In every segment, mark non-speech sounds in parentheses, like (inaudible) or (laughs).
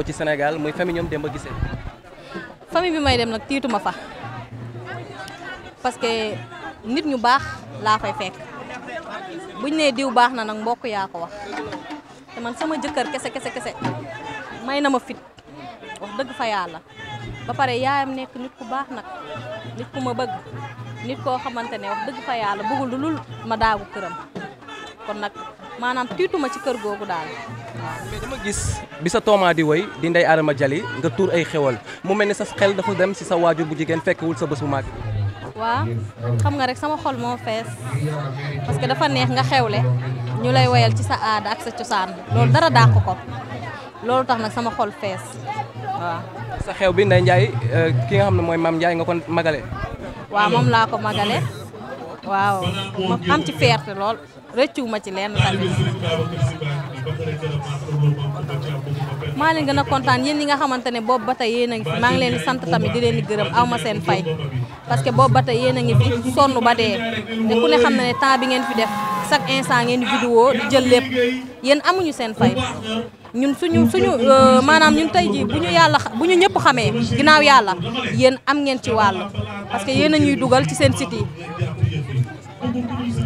ko ci Sénégal mooy famille ñoom dem Demba Guissé famille bi may dem nag tiituma fa parce que nit ñu baax laa fay fekk buñ nee diw baax na nag mbokk yaa ko wax te man sama jëkkër kese kese kese may na ma fit wax dëgg fa yàlla ba pare yaayam nekk nit ku baax nag nit ku ma bëgg nit koo xamante ne wax dëgg fa yàlla bëggul lu lul ma daagu këram kon nag maanaam tiituma ci kër googu daal ah, mais dama gis bi sa tooma di woy di Ndeye Adama Jali nga tuur ay xewal mu mel ni sa xel dafa dem si sa waajur bu jigéen fekkewul sa bés bu mag waaw xam nga rek sama xol moo fees dafa neex nga xewle ñu lay woyal ci sa aada ak sa cosaan dara dàq ko loolu tax nag sama xol fees sa xew bi Ndeye njaay euh, ki nga xam ne mooy Mame Ndiaye nga ko magale waaw moom laa ko magale waaw am ci fierté lool rëccu ma ci lenn tamit maa leen gën a kontaan yéen ñi nga xamante ne boobu ba tey yéen a ngi fi maa ngi leen di sant tamit di leen di gërëm aw ma seen fay parce que boobu ba tey yéen a ngi fi sonn ba dee te ku ne xam ne temps bi ngeen fi def chaque instant ngeen di vidéo di jël lépp yéen amuñu seen fay ñun suñu suñu euh, maanaam ñun tey jii bu ñu yàlla bu ñu ñëpp xamee ginnaaw yàlla yéen am ngeen ci wàll parce que yéen a ñuy dugal ci seen siti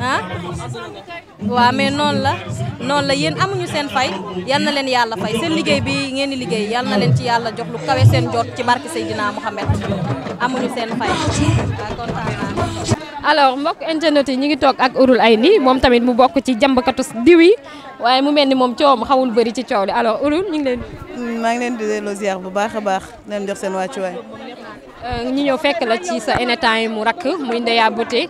ah mais noonu la noonu la yéen amuñu seen fay yal na leen yàlla fay seen liggéey bi ngeen di liggéey yal na leen ci yàlla jox lu kawe seen jot ci barke Seydina Mohamed amuñu seen fay alors mbokk internet yi ñu ngi toog ak urul ay Ayni moom tamit mu bokk ci jàmbkatu diw yi waaye mu mel ni moom mu xawul bëri ci coow li alors Ourul ñu ngi leen. maa ngi leen di delloo ziar bu baax a baax leen jox seen wàccuwaay. Euh, ñu ñëw fekk la ci sa Anytime mu rakk muy Ndeya Beauté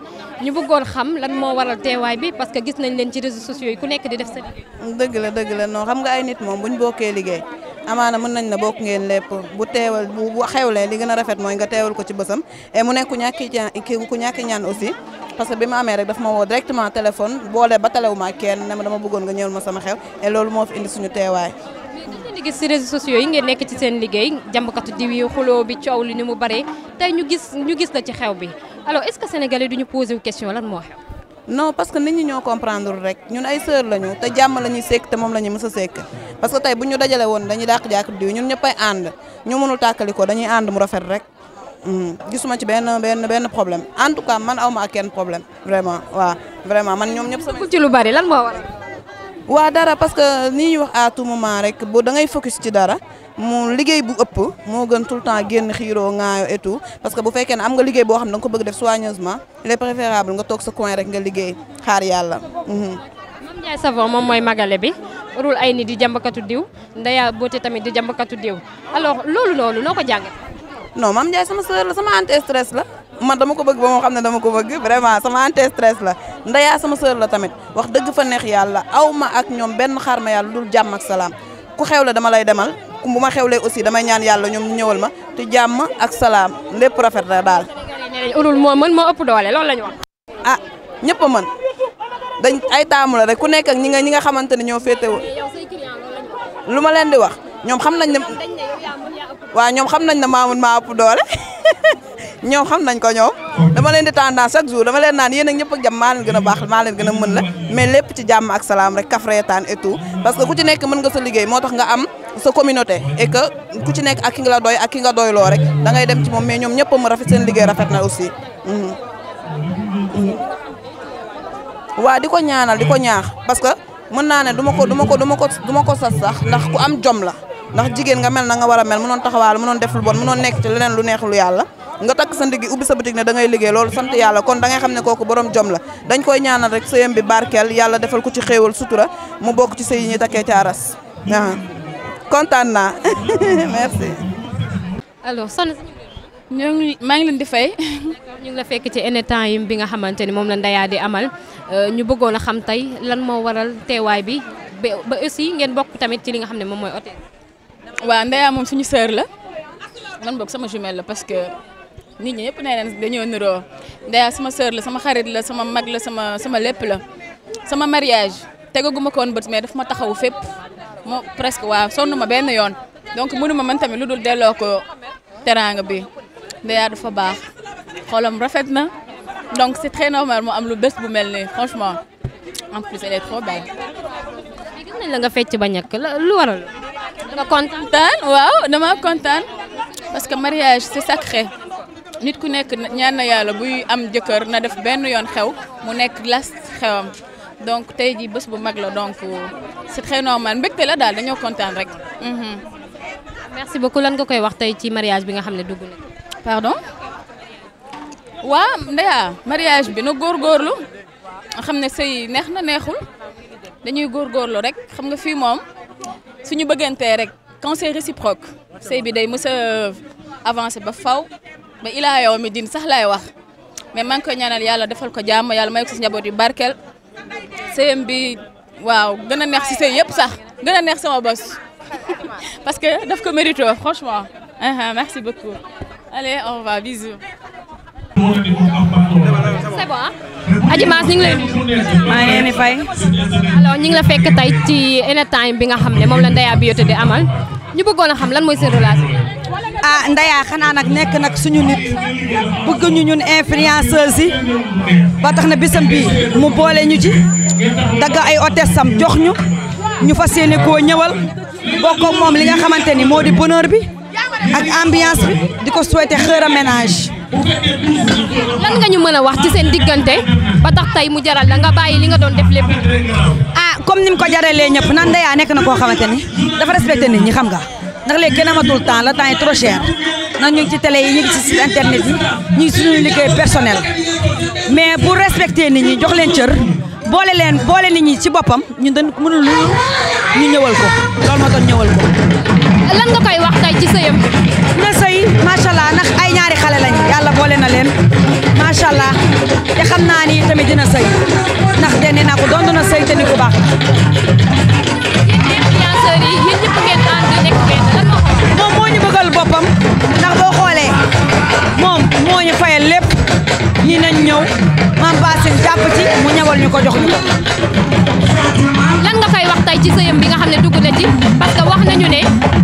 ñu bëggoon xam lan moo waral teewaay bi parce que gis nañ leen ci réseaux sociaux yi ku nekk di def sa liggéey. dëgg la dëgg la non xam nga ay nit moom ñu bokkee liggéey amaana mën nañ na bokk ngeen lépp bu teewal bu xewlee li gën a rafet mooy nga teewal ko ci bësam et mu nekk ku ñàkki ku ñàkki ñaan aussi. parce que bi ma amee rek daf ma woo directement téléphone boole ba talewu ma kenn na ma dama bëggoon nga ma sama xew loolu moo fi indi suñu teewaay. gis si réseaux sociaux yi ngeen nekk ci seen liggéey jàmbkatu diw yi xuloo bi coow li ni mu bare tey ñu gis ñu gis la ci xew bi alors est-ce que duñu posé question lan moo xew. non parce que nit ñi ñoo comprendre rek ñun ay sœur lañu te jàmm la ñuy sekk te moom la ñuy sekk parce que tey bu ñu dajale woon dañuy dàq jàkk diw ñun ñëppay ànd ñu mënul tàkkali ko dañuy ànd mu rafet rek hmm, gisuma ci benn benn benn problème en tout cas man awma ak kenn problème vraiment waaw vraiment man waa dara parce que ni ñuy wax a tout moment rek boo da ngay si ci dara mu liggéey bu ëpp moo gën tout le temps génn xiiroo ŋaayo et tout parce que bu fekkee ne am nga liggéey boo xam ne da ko bëgg def soigneusement il est préférable nga toog sa coin rek nga liggéey xaar yàlla. Mame Ndiaye Savon moom mooy magale bi rul ay ni di jàmbakatu diw Ndeya Beauté tamit di jàmbakatu diw alors loolu loolu noo ko jàng non Mame Ndiaye sama sœur la sama anti stress la. man dama ko bëgg ba moo xam ne dama ko bëgg vraiment sama anti la ndeyaa sama sœur la tamit wax fa neex yàlla aw ma ak ñoom benn xaar ma yàlla jàmm ak salaam ku xew la dama lay demal bu ma xewlee aussi damay ñaan yàlla ñoom ñëwal ma te jàmm ak salaam lépp rafet la daal. ulul moo mën moo ëpp doole loolu la ñu wax. Ah, ñëpp a mën ay taamu rek ku nekk ak ñi nga ñi nga xamante ne ñoo féetewul ma leen di wax ñoom xam nañ ne waaw ñoom xam nañ ne maamun maa ëpp doole. (laughs) ñoom xam nañ ko ñoom dama leen di tendance chaque jour dama leen naan yéen ak ñëpp ak jàmm maa leen gën a baax maa leen gën mën la mais lépp ci jàmm ak salaam rek kaf reetaan et que ku ci nekk mën nga sa liggéey moo tax nga am sa communauté et que ku ci nekk ak ki nga la doy ak ki nga doy loo rek da dem ci moom mais ñoom ñëpp mu rafet seen liggéey rafet na aussi mhm. Mhm. ko ñaanal di ko ñaax parce que naa ne du ko du ko du ma ko du ko sas sax ndax am jom la ndax jigéen nga mel na a mel mënoon taxawaal mënoon def lu leen lu neex lu yàlla nga takk sa ndigg ubbi sa boutique ne da ngay liggéey loolu sant yàlla kon da ngay xam ne kooku borom jom la dañ koy ñaanal rek sëyam bi barkeel yàlla defal ko ci xéewal sutura mu bokk ci sëy yi ñuy takkee ca ah. kontaan naa (laughs) merci. alors soxna ñoo maa ngi leen di fay. (laughs) ñu la fekk ci en bi nga xamante ni moom la Ndeya di amal euh, ñu bëggoon a xam tey lan moo waral teewaay bi ba aussi ngeen bokk tamit ci li nga xam ne moom mooy hôtel. waaw Ndeya moom suñu sœur la man bokk sama jumelle la parce que. nit ñi ñëpp nee nañ dañoo niroo Ndeya sama sœur la sama xarit la sama mag la sama sama lépp la sama mariage tegaguma ko woon bët mais daf ma taxawu fépp mo presque waaw sonn ma benn yoon donc mënu ma man tamit lu dul delloo ko teraanga bi Ndeya dafa baax xolam rafet na donc c'est très normal mu am lu bés bu mel nii franchement en plus elle est trop belle. gis nañ la nga fecc ba ñàkk lu waral. waaw dama kontaan parce que mariage c'est sacré. nit ku nekk ñaan na yàlla buy am jëkkër na def benn yoon xew mu nekk las xewam donc tey jii bés bu mag la donc c'est très normal mbégte la daal dañoo kontaan rek. Mhm. merci beaucoup lan nga koy wax tey ci mariage bi nga xam ne dugg na. pardon waa ndeyaa mariage bi na góor góorgóorlu xam ne sëy neex na neexul dañuy góor góorgóorlu rek xam nga fii moom suñu bëggantee rek quand c'est réciproque sëy bi day mës a ba faw. ba ilaa yow din sax laay wax mais maa ngi koy ñaanal yàlla defal ko jàmm yàlla may ko si njaboot yu barkeel sëyam bi waaw gën a neex si sëy yëpp sax gën a neex sama bos (laughs) parce que daf ko mérito franchement uh-huh, merci beaucoup allez on va bisous c'est bon Adji Mass ñu ngi lay nuyu. ñu ngi la fekk tey ci Anytime bi nga xam ne moom la Ndeya Beauty di ñu bëggoon a xam lan mooy seen relation. ah Ndeya xanaa nag nekk nag suñu nit bëgg ñu ñun influenceuse yi ba tax na bisam bi mu boole ñu ci dagg ay hôtesse sam jox ñu ñu fa yéene koo ñëwal bokk ko moom li nga xamante ni moo di bonheur bi ak ambiance bi di ko souhaiter xër a ménage. lan nga ñu mën a wax ci seen diggante ba tax tey mu jaral la nga bàyyi li nga doon def lépp. ah comme ni mu ko jaralee ñëpp nan Ndeya nekk na koo xamante ni dafa respecté ni ñi xam nga. ndax léegi kenn amatul temps le temps est trop cher ñu ci télé yi ñu ngi internet yi ñu suñu liggéey personnel mais bu respecter ni ñi jox leen cër boole leen boole ni ñu ci boppam ñun dañ ñu ñëwal ko loolu moo doon ñëwal ko. lan nga koy wax tey ci sëyam ñaari xale lañ leen macha allah te xam naa ni tamit dina sëy ndax de nee naa ko doon sëy te ni ku nañu ne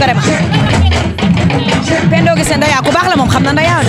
vraiment Pendo Guissé Ndeya ku baax la moom xam na Ndeya